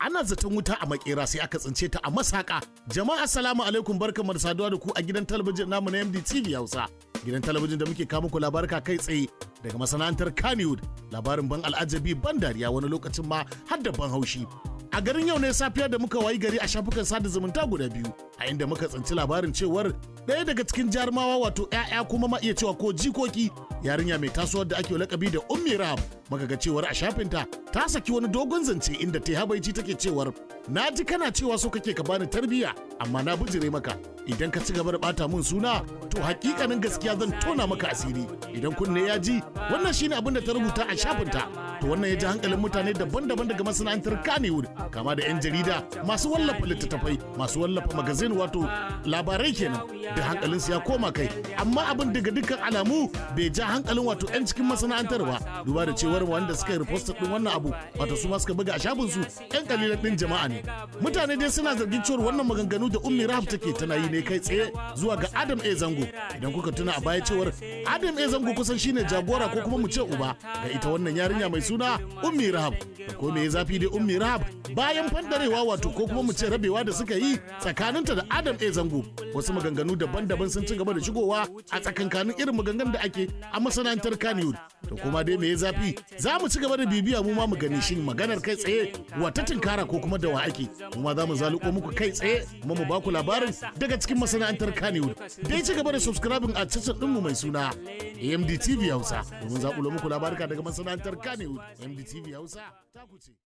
ana zaton wuta a makera sai aka tsince ta a masaka jama'a assalamu alaikum barkamu da saduwa da ku a gidan talabijin namu na MDTV Hausa gidan talabijin da muke kawo muku ka kai tsaye daga masana'antar Kannywood labarin ban al'ajabi ban dariya wani lokacin ma har da ban haushi A garin yau ne safiya da muka wayi gari a shafukan sada zumunta guda biyu, a inda muka tsanci labarin cewar ɗaya daga cikin jarumawa wato 'ya'ya kuma ma iya cewa ko jikoki yarinya mai tasowar da ake lakabi da ummi rahab muka ga cewar a shafinta ta saki wani dogon zance inda ta habaici take cewar na ji kana cewa so kake ka bani tarbiyya amma na bijire maka idan ka ci gaba da bata mun suna to hakikanin gaskiya zan tona maka asiri idan kunne ya ji wannan shine abin da ta rubuta a ta to wannan ya ji hankalin mutane daban-daban daga masana'antar Kannywood kama da 'yan jarida masu wallafa littattafai masu wallafa magazin wato labarai kenan da hankalinsu ya koma kai amma abin daga dukkan alamu bai ja hankalin wato 'yan cikin masana'antar ba duba da cewar wanda suka yi riposta din wannan abu wato su ma suka buga a su 'yan kalilan din jama'a ne mutane dai suna zargin cewar wannan maganganu da ummi rahab take tana yi ne ne kai tsaye zuwa ga Adam A Zango idan kuka tuna a baya cewar Adam A Zango kusan shine jagora ko kuma mu ce uba ga ita wannan yarinya mai suna Ummi Rahab ko me zafi dai Ummi Rahab bayan fandarewa wato ko kuma mu ce rabewa da suka yi tsakaninta da Adam A Zango wasu maganganu daban-daban sun ci gaba da shigowa a tsakankanin irin maganganun da ake a masana'antar Kannywood to kuma dai me zafi za mu ci gaba da bibiya mu ma mu gani shin maganar kai tsaye wata tinkara ko kuma da wa ake mu ma za mu zaluko muku kai tsaye kuma mu ba ku labarin daga cikin masana'antar kanewood Da ya ci gaba da subscribing a cacar ɗinmu mai suna amdtv Hausa domin zaƙulo muku labaruka daga masana'antar kanewood amdtv Hausa ta kuce.